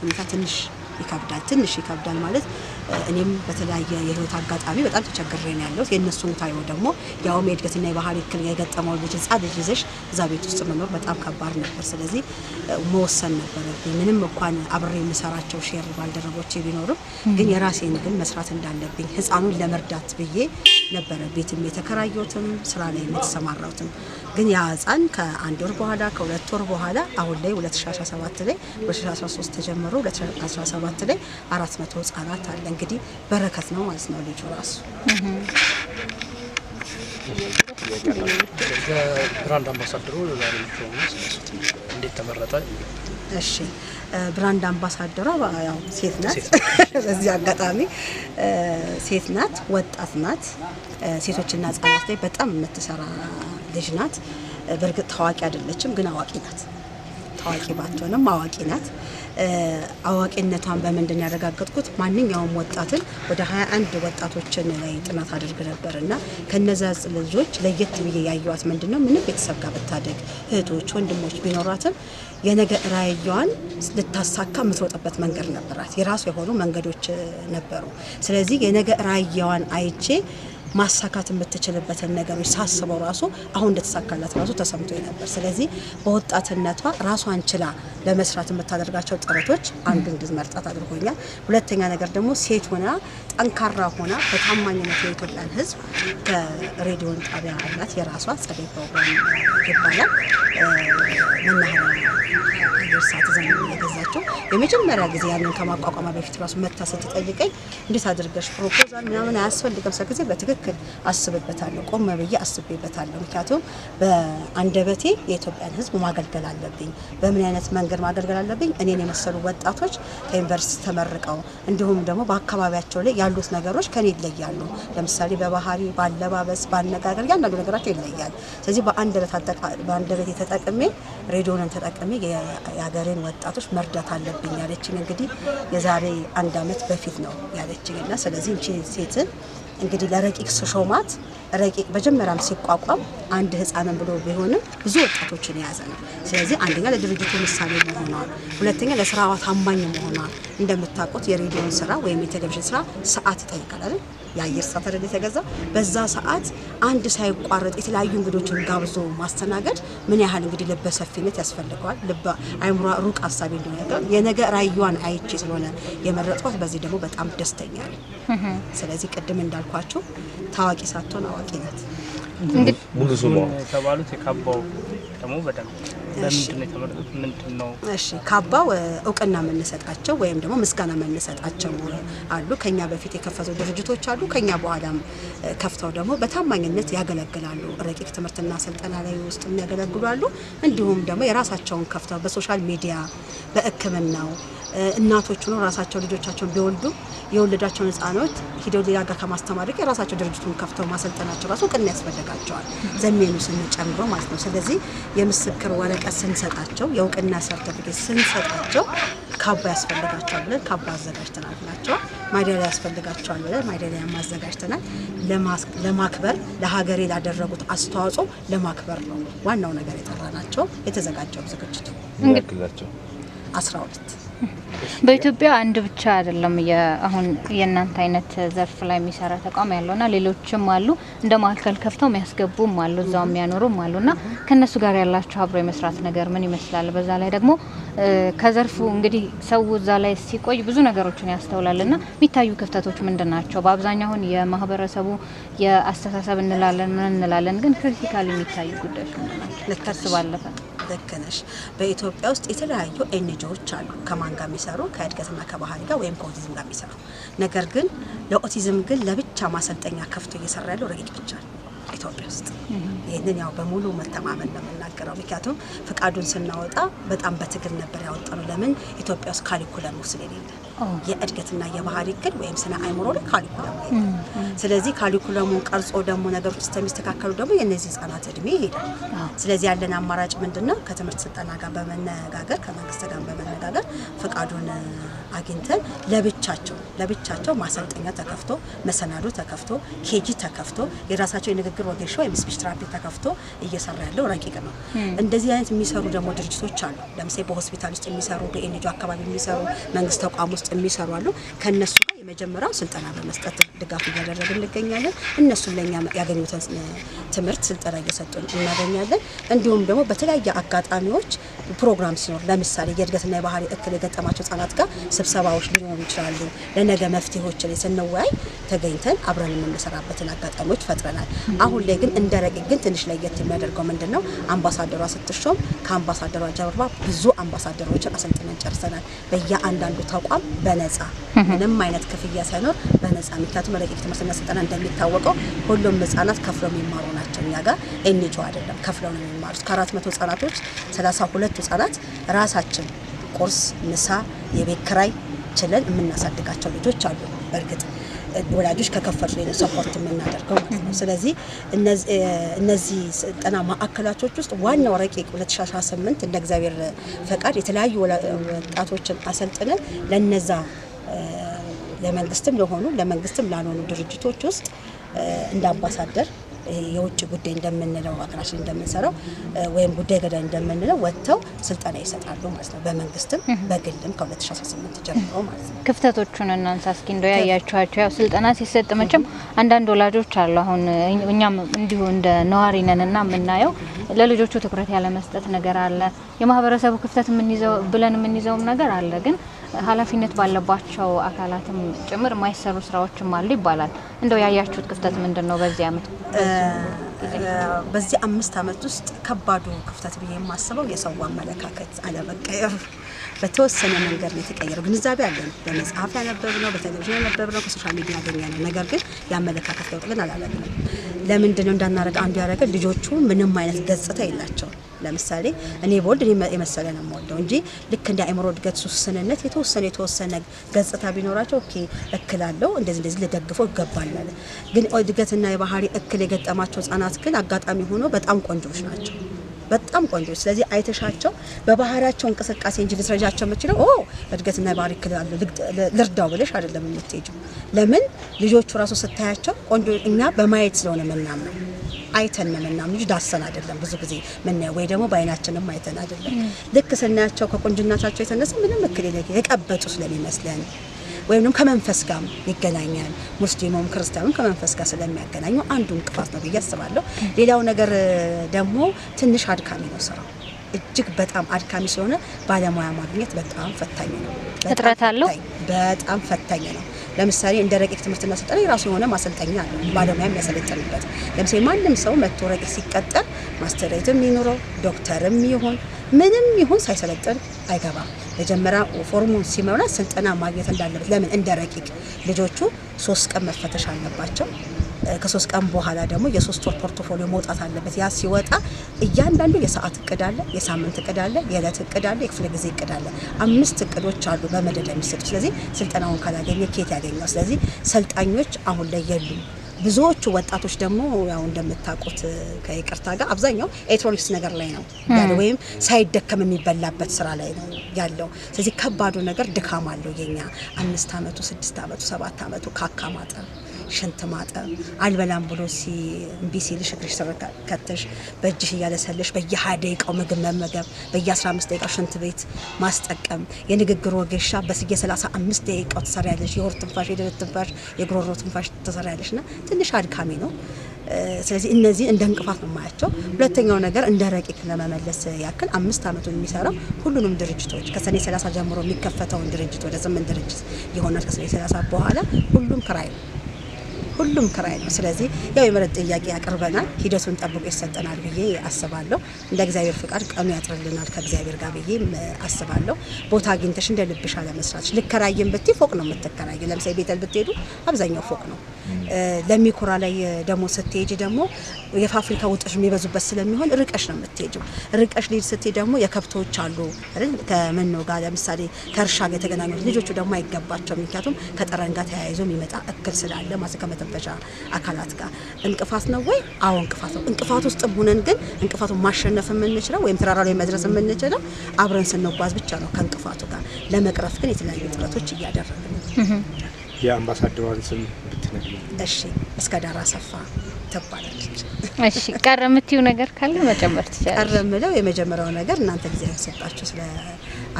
ሁኔታ ትንሽ ይከብዳል። ትንሽ ይከብዳል ማለት እኔም በተለያየ የህይወት አጋጣሚ በጣም ተቸግሬ ነው ያለሁት። የእነሱን ታየው ደግሞ ያውም የእድገትና የባህሪ እክል የገጠመው ልጅ ህጻ ልጅ ይዘሽ እዛ ቤት ውስጥ መኖር በጣም ከባድ ነበር። ስለዚህ መወሰን ነበረብኝ። ምንም እንኳን አብሬ የምሰራቸው ሼር ባልደረቦቼ ቢኖርም ግን የራሴን ግን መስራት እንዳለብኝ ህፃኑን ለመርዳት ብዬ ነበረ ቤትም የተከራየሁትም ስራ ላይ የተሰማራሁትም ግን ያ ህፃን ከአንድ ወር በኋላ ከሁለት ወር በኋላ አሁን ላይ 2017 ላይ 2013 ተጀምሮ 2017 ላይ 400 ህፃናት አለ። እንግዲህ በረከት ነው ማለት ነው ልጁ ራሱ። ብራንድ አምባሳደሩ እንዴት ተመረጠ? እሺ ብራንድ አምባሳደሯ ያው ሴት ናት። በዚህ አጋጣሚ ሴት ናት፣ ወጣት ናት። ሴቶችና ህጻናት ላይ በጣም የምትሰራ ልጅ ናት። በእርግጥ ታዋቂ አይደለችም፣ ግን አዋቂ ናት። ታዋቂ ባትሆንም አዋቂ ናት። አዋቂነቷን በምንድን ያረጋገጥኩት ማንኛውም ወጣትን ወደ 21 ወጣቶችን ላይ ጥናት አድርግ ነበር እና ከነዚያ ልጆች ለየት ብዬ ያየዋት ምንድን ነው ምንም ቤተሰብ ጋር ብታደግ እህቶች፣ ወንድሞች ቢኖሯትም የነገ ራዕያዋን ልታሳካ የምትሮጥበት መንገድ ነበራት። የራሱ የሆኑ መንገዶች ነበሩ። ስለዚህ የነገ ራዕያዋን አይቼ ማሳካት የምትችልበትን ነገሮች ሳስበው ራሱ አሁን እንደተሳካላት ራሱ ተሰምቶ ነበር። ስለዚህ በወጣትነቷ ራሷን ችላ ለመስራት የምታደርጋቸው ጥረቶች አንዱ እንድመርጣት አድርጎኛል። ሁለተኛ ነገር ደግሞ ሴት ሆና ጠንካራ ሆና በታማኝነት የኢትዮጵያን ሕዝብ ከሬዲዮን ጣቢያ አላት። የራሷ ጸደይ ፕሮግራም ይባላል። መናኸሪያ አየር ሰዓት ዘ የገዛቸው የመጀመሪያ ጊዜ ያንን ከማቋቋማ በፊት ራሱ መታ ስትጠይቀኝ እንዴት አድርገሽ ፕሮፖዛል ምናምን አያስፈልግም ሰው ጊዜ በትክክል አስብበታለሁ፣ ቆመ ብዬ አስቤበታለሁ። ምክንያቱም በአንደበቴ የኢትዮጵያን ህዝብ ማገልገል አለብኝ። በምን አይነት መንገድ ማገልገል አለብኝ? እኔን የመሰሉ ወጣቶች ከዩኒቨርሲቲ ተመርቀው እንዲሁም ደግሞ በአካባቢያቸው ላይ ያሉት ነገሮች ከኔ ይለያሉ። ለምሳሌ በባህሪ፣ ባለባበስ፣ ባነጋገር እያንዳንዱ ነገራቸው ይለያል። ስለዚህ በአንደበት የተጠቅሜ ሬዲዮንን ተጠቅሜ የሀገሬን ወጣቶች መርዳት አለብኝ ያለችኝ እንግዲህ የዛሬ አንድ አመት በፊት ነው ያለችኝ እና ስለዚህ ሴትን እንግዲህ ለረቂቅ ስሾማት ረቂቅ መጀመሪያም ሲቋቋም አንድ ህፃንን ብሎ ቢሆንም ብዙ ወጣቶችን የያዘ ነው። ስለዚህ አንደኛ ለድርጅቱ ምሳሌ መሆኗል፣ ሁለተኛ ለስራዋ ታማኝ መሆኗል። እንደምታውቁት የሬዲዮን ስራ ወይም የቴሌቪዥን ስራ ሰዓት ይጠይቃል አይደል? የአየር ሳተር የተገዛ በዛ ሰዓት አንድ ሳይቋረጥ የተለያዩ እንግዶችን ጋብዞ ማስተናገድ ምን ያህል እንግዲህ ልበ ሰፊነት ያስፈልገዋል። ልበ አይምሯ ሩቅ ሀሳቢ እንደሆነ የነገ ራዩዋን አይቼ ስለሆነ የመረጥኳት በዚህ ደግሞ በጣም ደስተኛ ነኝ። ስለዚህ ቅድም እንዳልኳችሁ ታዋቂ ሳትሆን አዋቂ ናት። ሙሉ ሱባ የተባሉት የካባው ደግሞ በደንብ በምንድን እሺ ካባው እውቅና የምንሰጣቸው ወይም ደግሞ ምስጋና የምንሰጣቸው አሉ። ከኛ በፊት የከፈቱ ድርጅቶች አሉ። ከኛ በኋላም ከፍተው ደግሞ በታማኝነት ያገለግላሉ። ረቂቅ ትምህርትና ስልጠና ላይ ውስጥ የሚያገለግሉ አሉ። እንዲሁም ደግሞ የራሳቸውን ከፍተው በሶሻል ሚዲያ በሕክምናው እናቶች ሆነው ራሳቸው ልጆቻቸውን ቢወልዱ የወለዳቸውን ህጻኖች ሂደው ሌላ ጋር ከማስተማር የራሳቸው ድርጅቱን ከፍተው ማሰልጠናቸው ራሱ ቅን ያስፈልጋቸዋል። ዘሜኑ ስንጨምሮ ማለት ነው። ስለዚህ የምስክር ወረቀት ስንሰጣቸው፣ የእውቅና ሰርተፊኬት ስንሰጣቸው ካባ ያስፈልጋቸዋል ብለን ካባ አዘጋጅተናል ብላቸዋል። ማዳሊያ ያስፈልጋቸዋል ብለን ማዳሊያ ማዘጋጅተናል። ለማክበር ለሀገሬ ላደረጉት አስተዋጽኦ ለማክበር ነው ዋናው ነገር የጠራናቸው የተዘጋጀው ዝግጅቱ 12 በኢትዮጵያ አንድ ብቻ አይደለም። አሁን የእናንተ አይነት ዘርፍ ላይ የሚሰራ ተቋም ያለውና ሌሎችም አሉ እንደ ማዕከል ከፍተው የሚያስገቡም አሉ እዛው የሚያኖሩም አሉና ከእነሱ ጋር ያላቸው አብሮ የመስራት ነገር ምን ይመስላል? በዛ ላይ ደግሞ ከዘርፉ እንግዲህ ሰው እዛ ላይ ሲቆይ ብዙ ነገሮችን ያስተውላልና የሚታዩ ክፍተቶች ምንድን ናቸው? በአብዛኛው አሁን የማህበረሰቡ የአስተሳሰብ እንላለን ምን እንላለን፣ ግን ክሪቲካል የሚታዩ ጉዳዮች ምንድን ናቸው ከእርስ ባለፈ ልክ በኢትዮጵያ ውስጥ የተለያዩ ኤንጂዎች አሉ ከማን ጋር የሚሰሩ ከእድገትና ከባህሪ ጋር ወይም ከኦቲዝም ጋር የሚሰሩ ነገር ግን ለኦቲዝም ግን ለብቻ ማሰልጠኛ ከፍቶ እየሰራ ያለው ረቂቅ ብቻ ነው ኢትዮጵያ ውስጥ። ይህንን ያው በሙሉ መተማመን ነው የምናገረው። ምክንያቱም ፍቃዱን ስናወጣ በጣም በትግል ነበር ያወጣነው። ለምን ኢትዮጵያ ውስጥ ካሪኩለም ስለሌለ የእድገትና የባህሪ እቅድ ወይም ስነ አይምሮ ላይ ካሊኩለሙ ይሄዳል። ስለዚህ ካሊኩለሙን ቀርጾ ደግሞ ነገሮች ስተሚስተካከሉ ደግሞ የእነዚህ ህጻናት እድሜ ይሄዳል። ስለዚህ ያለን አማራጭ ምንድን ነው? ከትምህርት ስልጠና ጋር በመነጋገር ከመንግስት ጋር በመነጋገር ፈቃዱን አግኝተን ለብቻቸው ለብቻቸው ማሰልጠኛ ተከፍቶ መሰናዶ ተከፍቶ ኬጂ ተከፍቶ የራሳቸው የንግግር ወጌሻ ወይም ስፒች ትራፒ ተከፍቶ እየሰራ ያለው ረቂቅ ነው። እንደዚህ አይነት የሚሰሩ ደግሞ ድርጅቶች አሉ። ለምሳሌ በሆስፒታል ውስጥ የሚሰሩ በኤንጆ አካባቢ የሚሰሩ መንግስት ተቋም ውስጥ ውስጥ የሚሰሩ አሉ። ከእነሱ ጋር የመጀመሪያው ስልጠና በመስጠት ድጋፍ እያደረግን እንገኛለን። እነሱም ለእኛ ያገኙትን ትምህርት ስልጠና እየሰጡን እናገኛለን። እንዲሁም ደግሞ በተለያየ አጋጣሚዎች ፕሮግራም ሲኖር ለምሳሌ የእድገትና የባህሪ እክል የገጠማቸው ህጻናት ጋር ስብሰባዎች ሊኖሩ ይችላሉ። ለነገ መፍትሄዎችን ስንወያይ ተገኝተን አብረን የምንሰራበትን አጋጣሚዎች ፈጥረናል። አሁን ላይ ግን እንደ ረቂቅ ግን ትንሽ ለየት የሚያደርገው ምንድን ነው? አምባሳደሯ ስትሾም ከአምባሳደሯ ጀርባ ብዙ አምባሳደሮችን አሰልጥነን ጨርሰናል። በየአንዳንዱ ተቋም በነጻ ምንም አይነት ክፍያ ሳይኖር በነጻ ምክንያቱም ረቂቅ ትምህርትና ስልጠና እንደሚታወቀው ሁሉም ህጻናት ከፍለው የሚማሩ ናቸው። እኛ ጋር ኤንጆ አይደለም፣ ከፍለው ነው የሚማሩት። ከአራት መቶ ህጻናቶች ሰላሳ ሁለት ህጻናት ራሳችን ቁርስ፣ ምሳ፣ የቤት ክራይ ችለን የምናሳድጋቸው ልጆች አሉ እርግጥ ወላጆች ከከፈቱ ሰፖርት የምናደርገው ማለት ነው። ስለዚህ እነዚህ ስልጠና ማዕከላቶች ውስጥ ዋናው ረቂቅ 2018 እንደ እግዚአብሔር ፈቃድ የተለያዩ ወጣቶችን አሰልጥነን ለነዛ ለመንግስትም ለሆኑ ለመንግስትም ላልሆኑ ድርጅቶች ውስጥ እንደ አምባሳደር የውጭ ጉዳይ እንደምንለው ሀገራችን እንደምንሰራው ወይም ጉዳይ ገዳይ እንደምንለው ወጥተው ስልጠና ይሰጣሉ ማለት ነው። በመንግስትም በግልም ከ2018 ጀምሮ ማለት ነው። ክፍተቶቹን እናንሳ እስኪ እንደው ያያችኋቸው። ያው ስልጠና ሲሰጥ መቼም አንዳንድ ወላጆች አሉ። አሁን እኛም እንዲሁ እንደ ነዋሪ ነን እና የምናየው ለልጆቹ ትኩረት ያለመስጠት ነገር አለ። የማህበረሰቡ ክፍተት ብለን የምንይዘውም ነገር አለ ግን ኃላፊነት ባለባቸው አካላትም ጭምር የማይሰሩ ስራዎችም አሉ ይባላል። እንደው ያያችሁት ክፍተት ምንድን ነው? በዚህ አመት በዚህ አምስት አመት ውስጥ ከባዱ ክፍተት ብዬ የማስበው የሰው አመለካከት አለመቀየር በተወሰነ መንገድ ነው የተቀየረው። ግንዛቤ አለን፣ በመጽሐፍ ነው፣ በቴሌቪዥን ነው፣ ከሶሻል ሚዲያ ነው። ነገር ግን የአመለካከት ለውጥ ግን አላደረግንም። ለምንድን እንዳናረግ አንዱ ያደረገ ልጆቹ ምንም አይነት ገጽታ የላቸውም ለምሳሌ እኔ ቦልድ የመሰለ ነው የምወደው እንጂ ልክ እንደ አእምሮ እድገት ውስንነት የተወሰነ የተወሰነ ገጽታ ቢኖራቸው ኦኬ እክላለሁ እንደዚህ እንደዚህ ልደግፈው ይገባል ማለት ግን እድገትና የባህሪ እክል የገጠማቸው ህጻናት ግን አጋጣሚ ሆኖ በጣም ቆንጆዎች ናቸው። በጣም ቆንጆ። ስለዚህ አይተሻቸው በባህሪያቸው እንቅስቃሴ እንጂ ልትረጃቸው የምችለው ኦ እድገትና ባህሪ ክላሉ ልርዳው ብለሽ አይደለም የምትሄጂው። ለምን ልጆቹ ራሱ ስታያቸው ቆንጆ እኛ በማየት ስለሆነ የምናምነው አይተንም እና የምናምኑ ዳሰን አይደለም። ብዙ ጊዜ ምናየው ወይ ደግሞ በአይናችንም አይተን አይደለም። ልክ ስናያቸው ከቁንጅናቸው የተነሳ ምንም እክል የለ የቀበጡ ስለሚመስለን ወይም ከመንፈስ ጋር ይገናኛል። ሙስሊሙም ክርስቲያኑም ከመንፈስ ጋር ስለሚያገናኙ አንዱ እንቅፋት ነው ብዬ አስባለሁ። ሌላው ነገር ደግሞ ትንሽ አድካሚ ነው ስራው እጅግ በጣም አድካሚ ስለሆነ ባለሙያ ማግኘት በጣም ፈታኝ ነው። እጥረት አለው። በጣም ፈታኝ ነው። ለምሳሌ እንደ ረቂቅ ትምህርትና ስልጠና የራሱ የሆነ ማሰልጠኛ አለ፣ ባለሙያ የሚያሰለጥንበት። ለምሳሌ ማንም ሰው መጥቶ ረቂቅ ሲቀጠር ማስተሬትም ይኑረው ዶክተርም ይሁን ምንም ይሁን ሳይሰለጥን አይገባም። መጀመሪያ ፎርሙን ሲመውላት ስልጠና ማግኘት እንዳለበት። ለምን እንደ ረቂቅ ልጆቹ ሶስት ቀን መፈተሽ አለባቸው። ከሶስት ቀን በኋላ ደግሞ የሶስት ወር ፖርትፎሊዮ መውጣት አለበት። ያ ሲወጣ እያንዳንዱ የሰዓት እቅድ አለ፣ የሳምንት እቅድ አለ፣ የዕለት እቅድ አለ፣ የክፍለ ጊዜ እቅድ አለ። አምስት እቅዶች አሉ በመደዳ የሚሰጡ። ስለዚህ ስልጠናውን ካላገኘ ኬት ያገኘው? ስለዚህ ሰልጣኞች አሁን ላይ የሉም። ብዙዎቹ ወጣቶች ደግሞ ያው እንደምታውቁት ከይቅርታ ጋር አብዛኛው ኤሌክትሮኒክስ ነገር ላይ ነው ያለ ወይም ሳይደከም የሚበላበት ስራ ላይ ነው ያለው። ስለዚህ ከባዱ ነገር ድካም አለው። የኛ አምስት አመቱ ስድስት አመቱ ሰባት አመቱ ካካ ሽንት ማጠብ፣ አልበላም ብሎ እምቢ ሲልሽ እግርሽ ስር ከተሽ በእጅሽ እያለሰለሽ በየ ደቂቃው ምግብ መመገብ፣ በየ15 ደቂቃው ሽንት ቤት ማስጠቀም፣ የንግግር ወገሻ በስየ 35 ደቂቃው ትሰሪያለሽ። የወር ትንፋሽ፣ የደረት ትንፋሽ፣ የጉሮሮ ትንፋሽ ትሰሪያለሽ እና ትንሽ አድካሚ ነው። ስለዚህ እነዚህ እንደ እንቅፋት ነው የማያቸው። ሁለተኛው ነገር እንደ ረቂቅ ለመመለስ ያክል አምስት ዓመቱን የሚሰራው ሁሉንም ድርጅቶች ከሰኔ 30 ጀምሮ የሚከፈተውን ድርጅት ወደ ስምንት ድርጅት የሆነ ከሰኔ 30 በኋላ ሁሉም ክራይ ነው። ሁሉም ክራይ ነው። ስለዚህ ያው የመሬት ጥያቄ አቅርበናል። ሂደቱን ጠብቆ ይሰጠናል ብዬ አስባለሁ። እንደ እግዚአብሔር ፍቃድ ቀኑ ያጥርልናል ከእግዚአብሔር ጋር ብዬ አስባለሁ። ቦታ አግኝተሽ እንደ ልብሻ ለመስራት ልከራይም ብትይ ፎቅ ነው የምትከራዩ። ለምሳሌ ቤተል ብትሄዱ አብዛኛው ፎቅ ነው። ለሚኮራ ላይ ደግሞ ስትሄጂ ደግሞ የፋብሪካ ውጤቶች የሚበዙበት ስለሚሆን ርቀሽ ነው የምትሄጂው። ርቀሽ ልጅ ስትሄጂ ደግሞ የከብቶች አሉ አይደል ከመኖ ጋር ለምሳሌ ከእርሻ ጋር የተገናኙት ልጆቹ ደግሞ አይገባቸውም። ምክንያቱም ከጠረን ጋር ተያይዞ የሚመጣ እክል ስላለ ማለት ከመጠበሻ አካላት ጋር እንቅፋት ነው ወይ? አዎ እንቅፋት ነው። እንቅፋት ውስጥ ሆነን ግን እንቅፋቱን ማሸነፍ የምንችለው ወይም ተራራ ላይ መድረስ የምንችለው አብረን ስንጓዝ ብቻ ነው ከእንቅፋቱ ጋር። ለመቅረፍ ግን የተለያዩ ጥረቶች እያደረግን ነው። የአምባሳደሯን ስም እሺ እስከ ዳር ሰፋ ትባላለች። እሺ ቀረ የምትዩ ነገር ካለ መጨመር ትችላለች። ቀረ የምለው የመጀመሪያው ነገር እናንተ ጊዜ ሰጣችሁ ስለ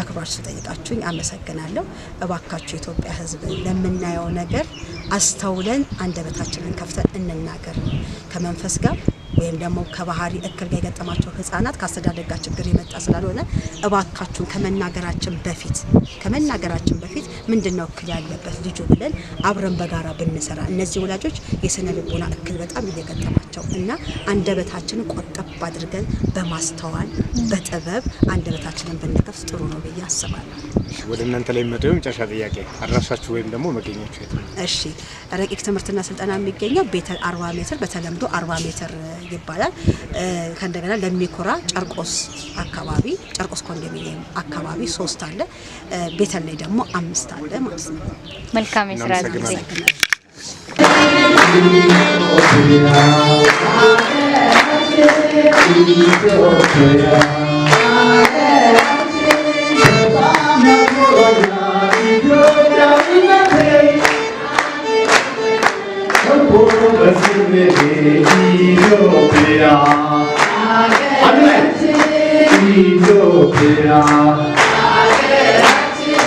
አክብራችሁ ጠይቃችሁኝ አመሰግናለሁ። እባካችሁ የኢትዮጵያ ሕዝብ ለምናየው ነገር አስተውለን አንደበታችንን ከፍተን እንናገር ከመንፈስ ጋር ወይም ደግሞ ከባህሪ እክል ጋር የገጠማቸው ህጻናት ከአስተዳደጋ ችግር የመጣ ስላልሆነ እባካችሁን ከመናገራችን በፊት ከመናገራችን በፊት ምንድን ነው እክል ያለበት ልጁ ብለን አብረን በጋራ ብንሰራ እነዚህ ወላጆች የስነ ልቦና እክል በጣም እየገጠማቸው እና አንደበታችን ቆጠ ልብ አድርገን በማስተዋል በጥበብ አንደበታችንን ብንከፍት ጥሩ ነው ብዬ አስባለሁ። ወደ እናንተ ላይ መጠው የመጨረሻ ጥያቄ አድራሻችሁ ወይም ደግሞ መገኛችሁ የት ነው? እሺ፣ ረቂቅ ትምህርትና ስልጠና የሚገኘው ቤተ አርባ ሜትር በተለምዶ አርባ ሜትር ይባላል። ከእንደገና ለሚኮራ ጨርቆስ አካባቢ ጨርቆስ ኮንዶሚኒየም አካባቢ ሶስት አለ፣ ቤተ ላይ ደግሞ አምስት አለ ማለት ነው። መልካም የስራ ጊዜ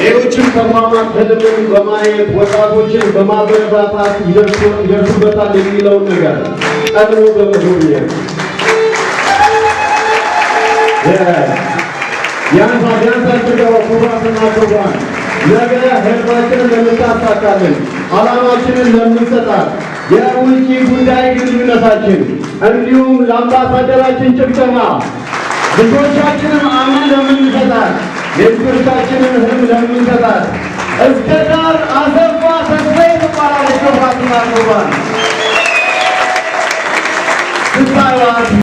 ሌሎችን ከማማት ተደመሩ በማየት ወጣቶችን በማበረታታት ይደርሱበታል የሚለውን ነገር ቀድሞ በመጎብኘት ያንሳችን ደግሞ ክቡራትና ክቡራን ነገ ህልማችንን ለምታሳካልን ዓላማችንን ለምንሰጣት የውጭ ጉዳይ ግንኙነታችን እንዲሁም ለአምባሳደራችን ጭብጨባ ልጆቻችንን አምን ለምንሰጣት የልጆቻችንን ህልም ለምንሰጣት እስከዳር አሰፋ ተስፋዬ ትባላለች። ክቡራትና ክቡራን ስታዩት